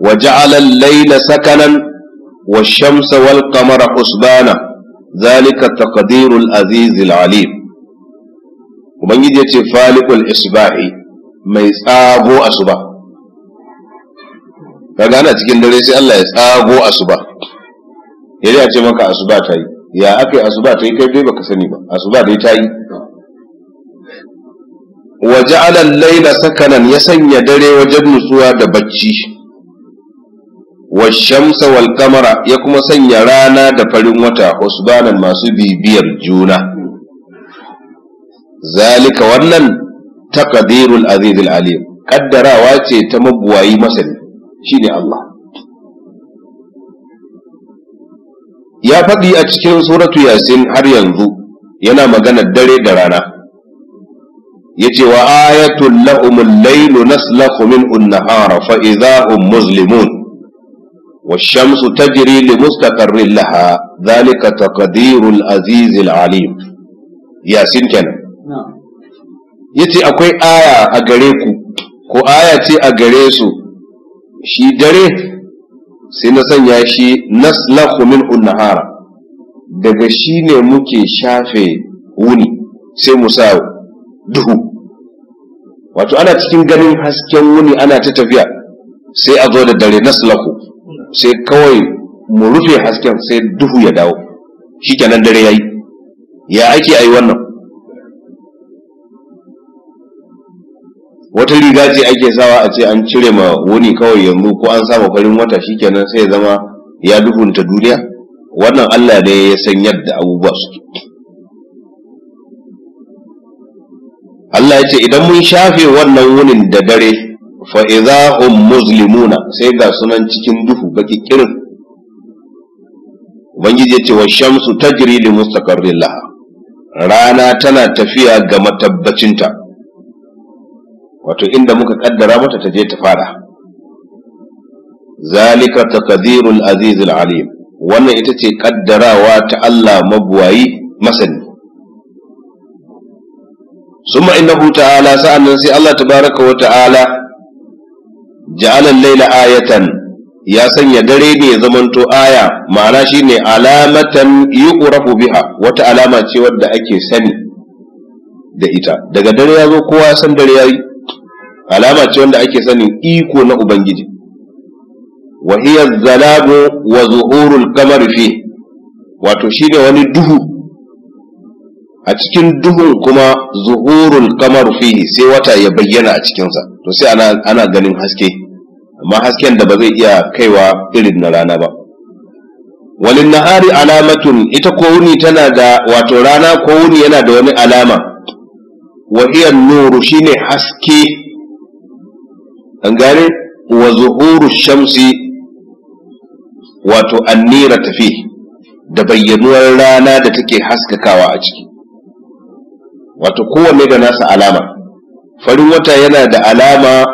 wa ja'ala al-layla sakanan wa shamsa wal qamara husbana zalika taqdirul azizil alim ubangiji yace falikul isba'i mai tsago asuba kaga ana cikin dare sai Allah ya tsago asuba yayi a ce maka asuba ta yi ya aka yi asuba ta yi kai dai baka sani ba asuba dai ta yi wa ja'ala al-layla sakanan ya sanya dare wajen nutsuwa da bacci wa shamsa wal qamara ya kuma sanya rana da farin wata usbanan masu bibiyar juna zalika wannan taqdirul azizul alim kaddarawa ce ta mabuwayi masani ne Allah ya faɗi a cikin suratu yasin har yanzu yana magana dare da rana ya ce wa ayatul lahumul lailu naslahu min unnahara fa idza hum muslimun والشمس تجري لمستقر لها ذلك تقدير العزيز العليم ياسين kenan. yace akwai aya a gare ku ko aya ce a gare su shi dare sai na sanya shi naslaku min unnahara daga shi ne muke shafe wuni sai mu sa duhu wato ana cikin ganin hasken wuni ana ta tafiya sai a zo da dare naslaku sai kawai mu rufe hasken sai duhu ya dawo shi kenan dare yayi ya ake yi wannan wata riga ce ake sawa a ce an cire ma wuni kawai yanzu ko an sama farin wata shi kenan sai ya zama ya duhunta duniya wannan Allah ne ya san yadda abubuwa suke Allah ya ce idan mun shafe wannan wunin da dare fa idza hum muslimuna sai ga sunan cikin duhu baki kirin ubangiji ya ce wa shamsu tajri li mustaqarrilaha rana tana tafiya ga matabbacinta wato inda muka kaddara mata ta je ta fara zalika taqdirul aziz alim wannan ita ce kaddarawa ta Allah mabuwayi masani summa innahu ta'ala sa'annan sai Allah tabaraka wa ta'ala ja'ala al-laila ayatan ya sanya dare ne ya zamanto aya ma'ana shine alamatan yuqrafu biha wata alama ce wadda ake sani da ita daga dare ya zo kowa san dare yayi alama ce wanda ake sanin iko na ubangiji wa hiya zalabu wa zuhurul kamar fi wato shine wani duhu a cikin duhun kuma zuhurul kamar fihi sai wata ya bayyana a cikinsa to sai ana, ana ganin haske amma hasken da ba zai iya kaiwa irin na rana ba walin nahari alamatun ita ko wuni tana da wato rana ko wuni yana da wani alama wa iya nuru shine haske an gane wa zuhuru shamsi wato annira tafi da bayyanuwar rana da take haskakawa a ciki wato kowanne da nasa alama farin wata yana da alama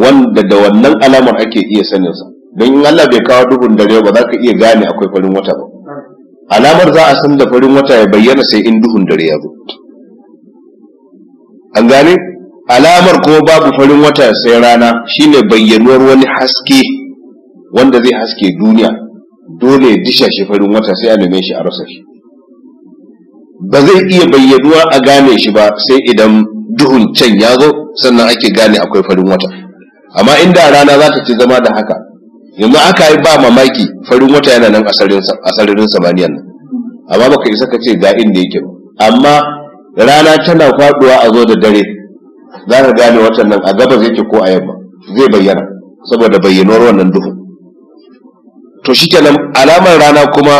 wanda da wannan alamar ake iya saninsa don in Allah bai kawo duhun dare ba za ka iya gane akwai farin wata ba alamar za a san da farin wata ya bayyana sai in duhun dare ya zo an gane alamar kuma babu farin wata sai rana shine bayyanuwar wani haske wanda zai haske duniya dole ya disha shi farin wata sai a neme shi a rasa shi ba zai iya bayyanuwa a gane shi ba sai idan duhun can ya zo sannan ake gane akwai farin wata amma inda rana za ta ci zama da haka yanzu aka yi ba mamaki farin wata yana nan a sararin samaniya nan amma baka isa ka ce ga inda yake ba amma rana tana faduwa a zo da dare za ka gane watan nan a gabas yake ko a yamma zai bayyana saboda bayyanuwar wannan duhu to shikenan alamar rana kuma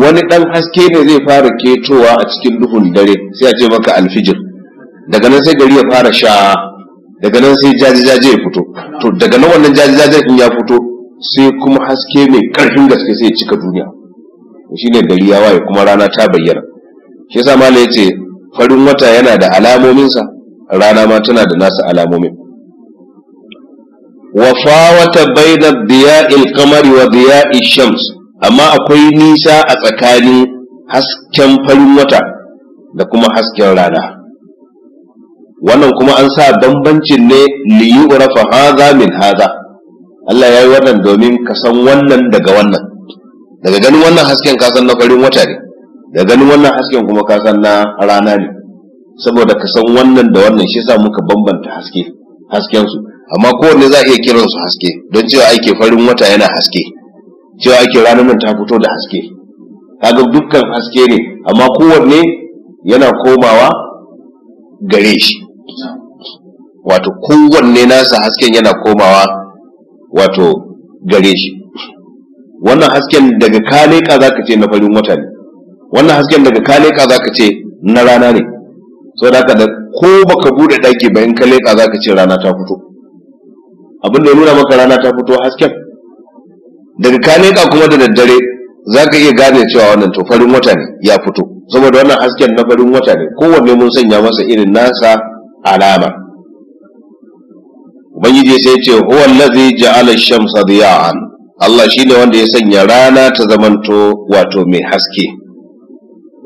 wani ɗan haske ne zai fara ketowa a cikin duhun dare sai a ce maka alfijir daga nan sai gari ya fara sha daga nan sai jaje-jaje ya fito to daga nan wannan jaje-jaje in ya fito sai kuma haske mai karfin gaske sai ya cika duniya shine gari ya waye kuma rana ta bayyana shi yasa malai ce farin wata yana da alamominsa rana ma tana da nasa alamomin wa fawata baina diya'il qamari wa diya'i shams amma akwai nisa a tsakanin hasken farin wata da kuma hasken rana wannan kuma an sa bambancin ne liyurafa haza min haza Allah ya yi wannan domin ka san wannan daga wannan daga ganin wannan hasken ka san na farin wata ne daga ganin wannan hasken kuma ka san na rana ne saboda ka san wannan da wannan shi yasa muka bambanta haske hasken su amma kowanne za a iya kiran su haske don cewa ake farin wata yana haske cewa ake ranar nan ta fito da haske kaga dukkan haske ne amma kowanne yana komawa gare shi wato kowanne nasa hasken yana komawa wato gare shi wannan hasken daga kaleka zaka ce na farin wata ne wannan hasken daga kaleka zaka ce na rana ne saboda haka da ko baka bude daki bayan ka leka zaka ce rana ta fito abin da nuna maka rana ta fito hasken daga ka leka kuma da daddare zaka iya gane cewa wannan to farin wata ne ya fito saboda wannan hasken na farin wata ne kowanne mun sanya masa irin nasa alama ubangiji sai ya ce huwa allazi ja'ala ash-shamsa diya'an Allah shine wanda ya sanya rana ta zamanto wato mai haske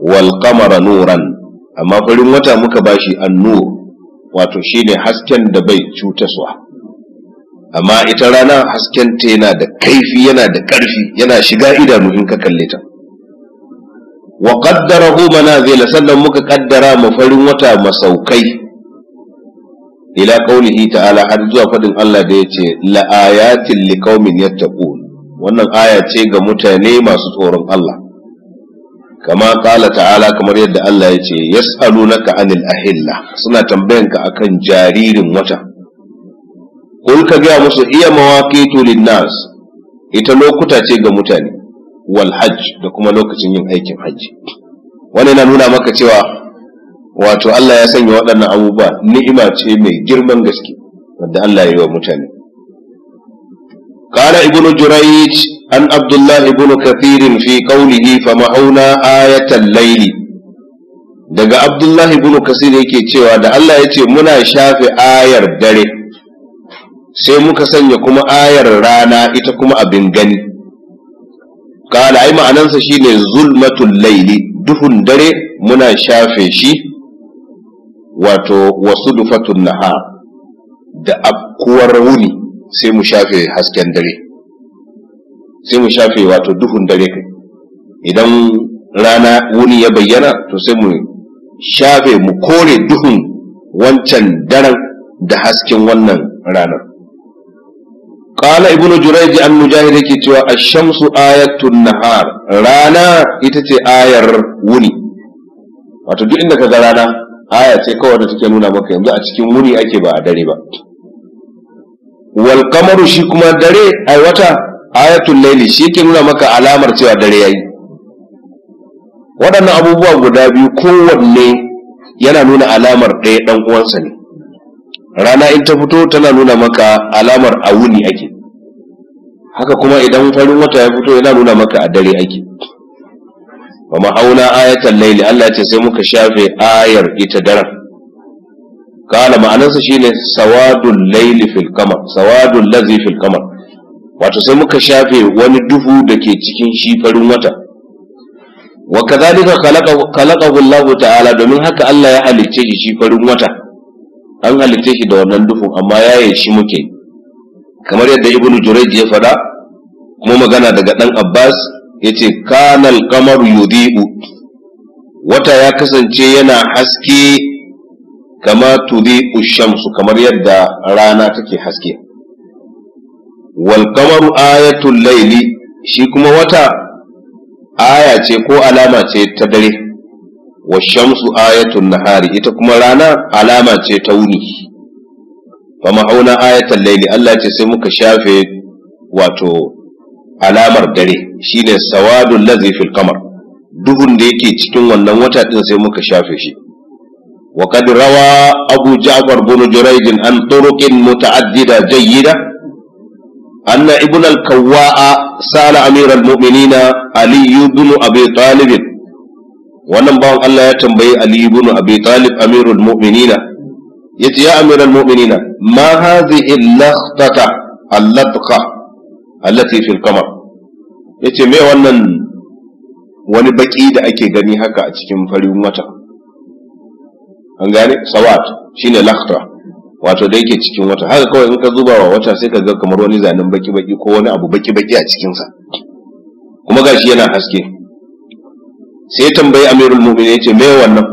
wal qamara nuran amma farin wata muka bashi annur wato shine hasken da bai cutaswa amma ita rana hasken ta yana da kaifi yana da karfi yana shiga idanu in ka kalle ta wa qaddarahu manazila sannan muka kaddara mu farin wata masaukai ila qaulihi ta'ala har zuwa fadin Allah da yace la ayatin liqaumin yattaqun wannan aya ce ga mutane masu tsoron Allah kama ƙala ta'ala kamar yadda Allah ya ce yas'alunaka anil ahilla suna a kan jaririn wata kul gaya musu iya mawaqitu linnas ita lokuta ce ga mutane wal da kuma lokacin yin aikin hajji wannan na nuna maka cewa wato Allah ya sanya waɗannan abubuwa ni'ima ce mai girman gaske wanda Allah ya yi wa mutane قال ابن جريج عن عبد الله بن كثير في قوله فمحونا آية الليل daga Abdullahi ibn Kasir yake cewa da Allah ya ce muna shafe ayar dare sai muka sanya kuma ayar rana ita kuma abin gani kala ai ma'anansa shine zulmatul laili duhun dare muna shafe shi wato wasu dufatun nahar da afkuwar wuni sai mu shafe hasken dare sai mu shafe wato duhun dare kai idan rana wuni ya bayyana to sai mu shafe mu kore duhun wancan daren da hasken wannan ranar an ابن جريج cewa مجاهد shamsu الشمس آية Rana ita ce ayar wuni. wato duk inda ka ga rana aya ce kawai da take nuna maka yanzu a cikin wuni ake ba a dare ba Walƙamaru shi kuma dare a wata ayatul laili shi ke nuna maka alamar cewa dare yayi waɗannan abubuwa guda biyu kowanne yana nuna alamar ɗaya ɗan uwansa ne rana in ta fito tana nuna maka alamar a wuni ake haka kuma idan farin wata ya fito yana nuna maka a dare ake wa ma'auna ayatan laili Allah ya ce sai muka shafe ayar ita daren kala sa shine sawadul laili fil qamar sawadul ladhi fil qamar wato sai muka shafe wani duhu da ke cikin shi farin wata wa kadhalika khalaqahu Allah ta'ala domin haka Allah ya halicce shi farin wata an halicce shi da wannan duhu amma yaye shi muke kamar yadda ibnu jurayj ya faɗa kuma magana daga dan Abbas yace kana al-qamaru yudhi'u wata ya kasance yana haske kama tudhi'u ushamsu kamar yadda rana take haske wal qamaru ayatul layli shi kuma wata aya ce ko alama ce ta dare wa shamsu ayatul nahari ita kuma rana alama ce ta wuni fa ma'auna ayatul layli Allah ce sai muka shafe wato alamar dare shine sawadul ladhi fil qamar duhun da yake cikin wannan wata din sai muka shafe shi وقد روى أبو جعفر بن جريج عن طرق متعددة جيدة أن ابن الكواء سأل أمير المؤمنين علي بن أبي طالب wannan bawan Allah ya tambayi Ali ibn Abi Talib Amirul Mu'minina yace ya Amirul Mu'minina ma hadhihi al-lakhtata al-latqa allati fil qamar yace me wannan wani baƙi da ake gani haka a cikin farin wata an gane sawat shine lakta wato da yake cikin wata haka kawai in ka zuba wa wata sai ka ga kamar wani zanen baki baki ko wani abu baki baki a cikin sa kuma gashi yana haske sai tambayi amirul mu'minin yace me wannan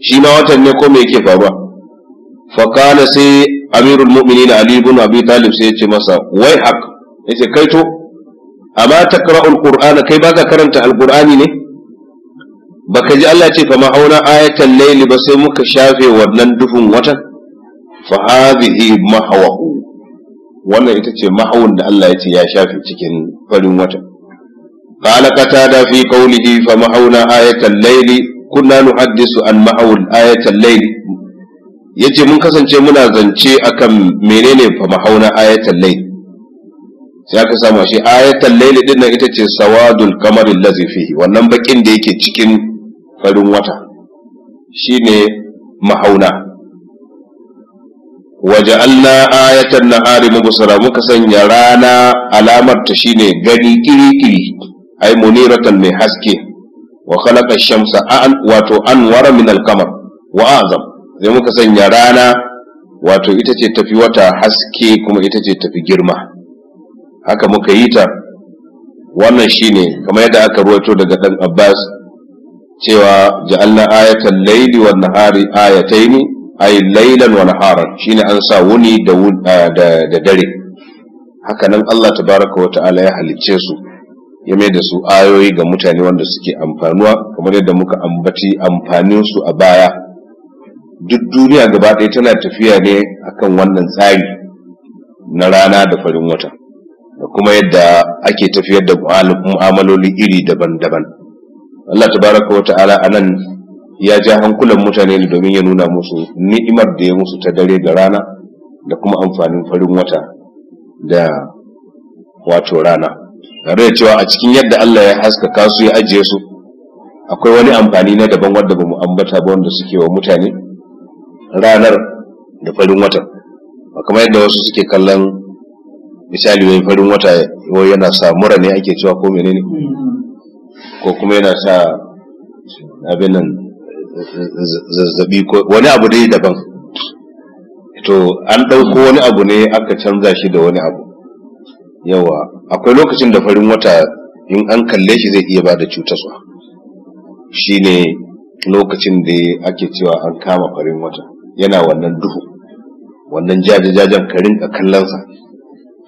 shi ma watan ne ko me yake faruwa fa kana sai amirul mu'minin ali ibn abi talib sai yace masa wai hak yace kaito amma takra'ul qur'ana kai baka karanta alqur'ani ne baka ji Allah ce fa ma'auna ayatan layli ba sai muka shafe wannan duhun watan fa hadhihi mahawahu wannan ita ce mahawun da Allah ya ce ya shafe cikin farin watan qala qatada fi qawlihi fa ma'auna ayatan layli kunna nuhaddisu an ma'awul ayatan layli yace mun kasance muna zance akan menene fa ma'auna ayatan layli sai aka samu shi ayatan layli din nan ita ce sawadul kamar allazi fihi wannan bakin da yake cikin farin wata shine mahauna waje alla ayatan na hari mabusara muka sanya rana alamarta ta shine gani kiri-kiri ai muniratan mai haske wa khalaqa shamsa an wato anwara min alqamar wa azam sai muka sanya rana wato ita ce tafi wata haske kuma ita ce tafi girma haka muka yi ta wannan shine kamar yadda aka ruwaito daga dan Abbas cewa ja'alna ayatan laili wan nahari ayataini ay lailan wa naharan shine an sa wuni da da dare haka nan Allah tabaraka wa ta'ala ya halicce su ya mai da su ayoyi ga mutane wanda suke amfanuwa kamar yadda muka ambaci amfanin su a baya duk duniya gaba ɗaya tana tafiya ne akan wannan tsari na rana da farin wata da kuma yadda ake tafiyar da mu'amaloli iri daban-daban Allah ta baraka wa ta'ala anan ya ja hankulan mutane ne domin ya nuna musu ni'imar da ya musu ta dare da rana da kuma amfanin farin wata da wato rana tare da cewa a cikin yadda Allah ya haskaka su ya ajiye su akwai wani amfani na daban wanda bamu ambata ba wanda suke wa mutane ranar da farin wata, kamar yadda wasu suke kallon misali wai farin wata yana samura ne ake cewa ko menene hmm. ko kuma yana sa abin nan zazzabi ko wani abu dai daban to an ɗauko wani abu ne aka canza shi da wani abu yawa akwai lokacin da farin wata in an kalle shi zai iya ba da cutarwa shine lokacin da ake cewa an kama farin wata yana wannan duhu wannan jajajajen ka rinka kallonsa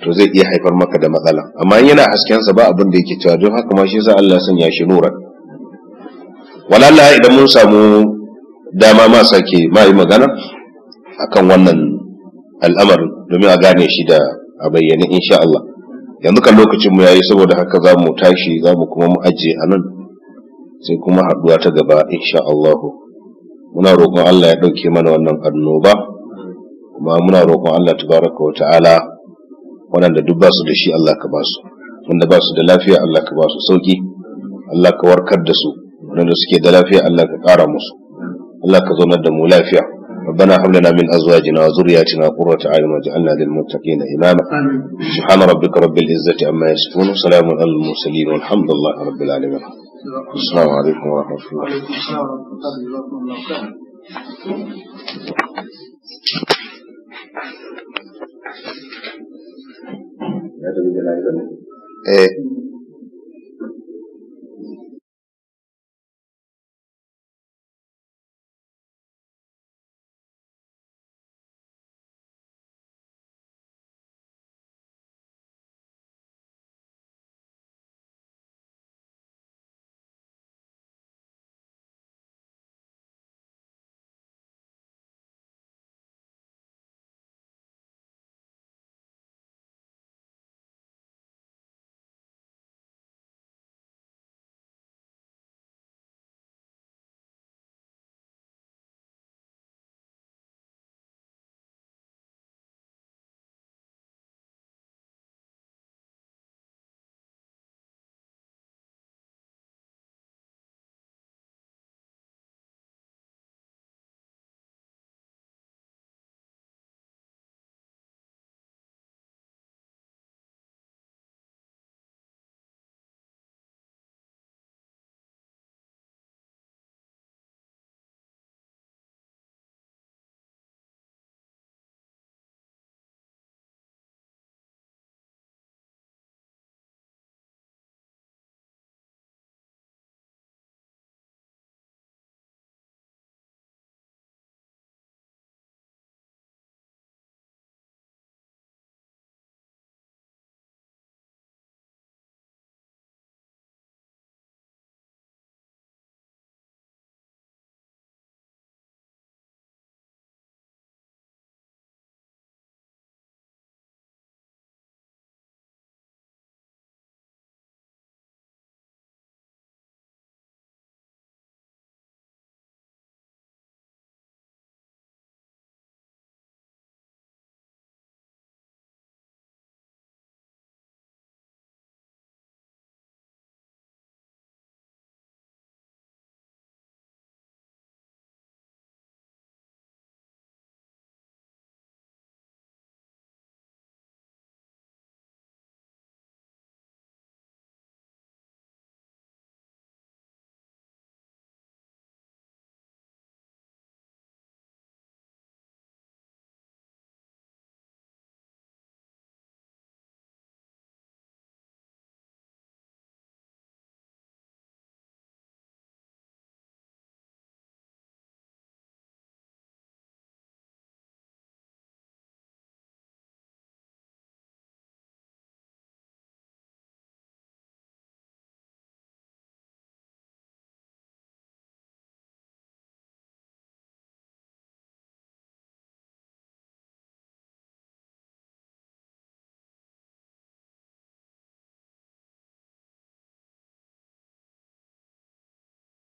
to zai iya haifar maka da matsala amma yana hasken sa ba abin da yake cewa don haka ma shi yasa Allah sanya shi nuran walalla idan mun samu dama ma sake ma yi magana akan wannan al'amarin domin a gane shi da a bayyane insha Allah yanzu kan lokacin mu yayi saboda haka za mu tashi za mu kuma mu ajiye a nan sai kuma haɗuwa ta gaba insha Allah muna roƙon Allah ya ɗauke mana wannan annoba kuma muna roƙon Allah tabaraka wa ta'ala waɗanda duk ba su da shi Allah ka ba su wanda ba su da lafiya Allah ka ba su sauki Allah ka warkar da su waɗanda suke da lafiya Allah ka ƙara musu Allah ka zaunar da mu lafiya ربنا هب لنا من ازواجنا وذرياتنا قرة اعين واجعلنا للمتقين اماما سبحان ربك رب العزة عما يصفون وسلام على المرسلين والحمد لله رب العالمين السلام عليكم ورحمة الله Thank you. ya eh